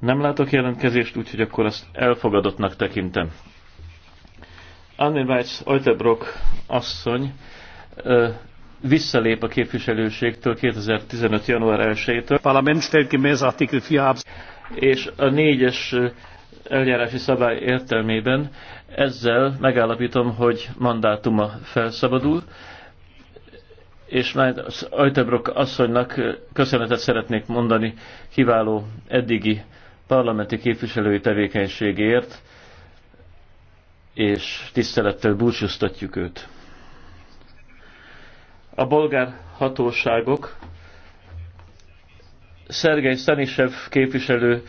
Nem látok jelentkezést, úgyhogy akkor azt elfogadottnak tekintem. Anne Weitz Oitebrock asszony visszalép a képviselőségtől 2015. január 1-től. Parlament stellt gemäß Artikel 4 És a négyes eljárási szabály értelmében ezzel megállapítom, hogy mandátuma felszabadul, és már Ajtebrok asszonynak köszönetet szeretnék mondani kiváló eddigi parlamenti képviselői tevékenységért, és tisztelettel búcsúztatjuk őt. A bolgár hatóságok Szergej Stanisev képviselő